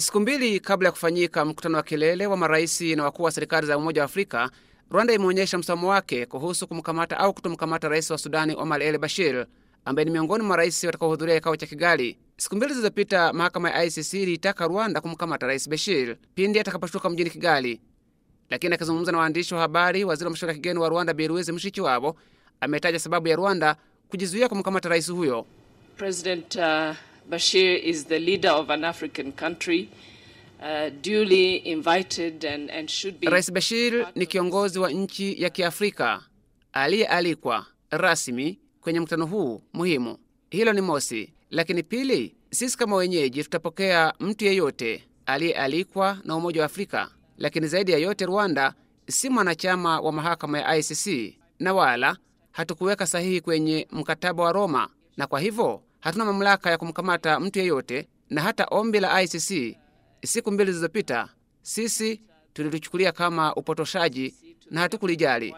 Siku mbili kabla ya kufanyika mkutano wa kilele wa marais na wakuu wa serikali za Umoja wa Afrika, Rwanda imeonyesha msimamo wake kuhusu kumkamata au kutomkamata rais wa Sudani Omar El Bashir, ambaye ni miongoni mwa rais watakaohudhuria kikao cha Kigali. Siku mbili zilizopita, mahakama ya ICC iliitaka Rwanda kumkamata rais Bashir pindi atakaposhuka mjini Kigali. Lakini akizungumza na waandishi wa habari, waziri wa mashauri ya kigeni wa Rwanda Biruizi Mushikiwabo ametaja sababu ya Rwanda kujizuia kumkamata rais huyo. President, uh, Bashir is the leader of an African country. Uh, duly invited and, and should be. Rais Bashir ni kiongozi wa nchi ya Kiafrika aliyealikwa rasmi kwenye mkutano huu muhimu. Hilo ni mosi, lakini pili, sisi kama wenyeji tutapokea mtu yeyote aliyealikwa na Umoja wa Afrika. Lakini zaidi ya yote, Rwanda si mwanachama wa mahakama ya ICC na wala hatukuweka sahihi kwenye mkataba wa Roma, na kwa hivyo hatuna mamlaka ya kumkamata mtu yeyote, na hata ombi la ICC siku mbili zilizopita sisi tulilichukulia kama upotoshaji na hatukulijali.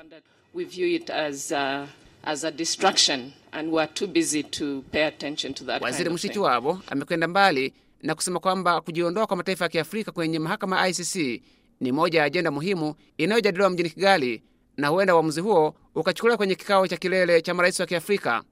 Waziri wavo amekwenda mbali na kusema kwamba kujiondoa kwa mataifa ya Kiafrika kwenye mahakama ya ICC ni moja ya ajenda muhimu inayojadiliwa mjini Kigali, na huenda uamuzi huo ukachukuliwa kwenye kikao cha kilele cha marais wa Kiafrika.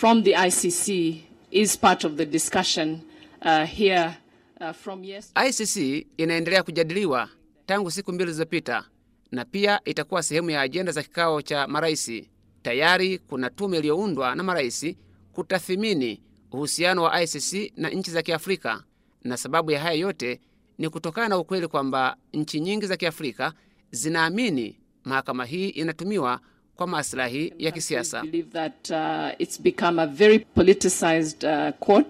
From the ICC is part of the discussion, uh, here, uh, from yesterday. ICC inaendelea kujadiliwa tangu siku mbili zilizopita na pia itakuwa sehemu ya ajenda za kikao cha maraisi. Tayari kuna tume iliyoundwa na maraisi kutathimini uhusiano wa ICC na nchi za Kiafrika, na sababu ya haya yote ni kutokana na ukweli kwamba nchi nyingi za Kiafrika zinaamini mahakama hii inatumiwa kwa maslahi ya kisiasa. Uh, uh,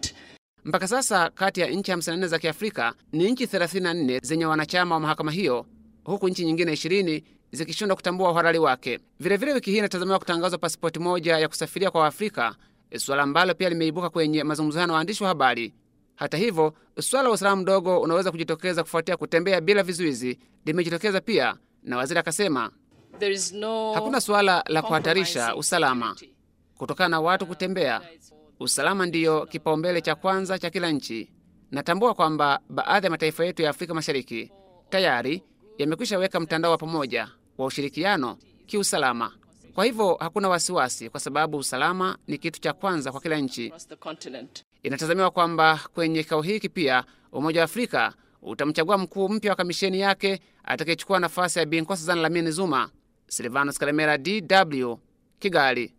Mpaka sasa kati ya nchi 54 za Kiafrika ni nchi 34 zenye wanachama wa mahakama hiyo, huku nchi nyingine 20 zikishindwa kutambua uhalali wake. Vilevile wiki hii inatazamiwa kutangazwa pasipoti moja ya kusafiria kwa Waafrika, suala ambalo pia limeibuka kwenye mazungumzo hayo na waandishi wa habari. Hata hivyo, swala wa usalama mdogo unaweza kujitokeza kufuatia kutembea bila vizuizi limejitokeza pia, na waziri akasema no hakuna suala la kuhatarisha usalama kutokana na watu kutembea. Usalama ndiyo kipaumbele cha kwanza cha kila nchi. Natambua kwamba baadhi ya mataifa yetu ya Afrika Mashariki tayari yamekwisha weka mtandao wa pamoja wa ushirikiano kiusalama. Kwa hivyo hakuna wasiwasi, kwa sababu usalama ni kitu cha kwanza kwa kila nchi. Inatazamiwa kwamba kwenye kikao hiki pia Umoja wa Afrika utamchagua mkuu mpya wa kamisheni yake atakayechukua nafasi ya Bi Nkosazana Dlamini Zuma Silvanus Kalemera, DW, Kigali.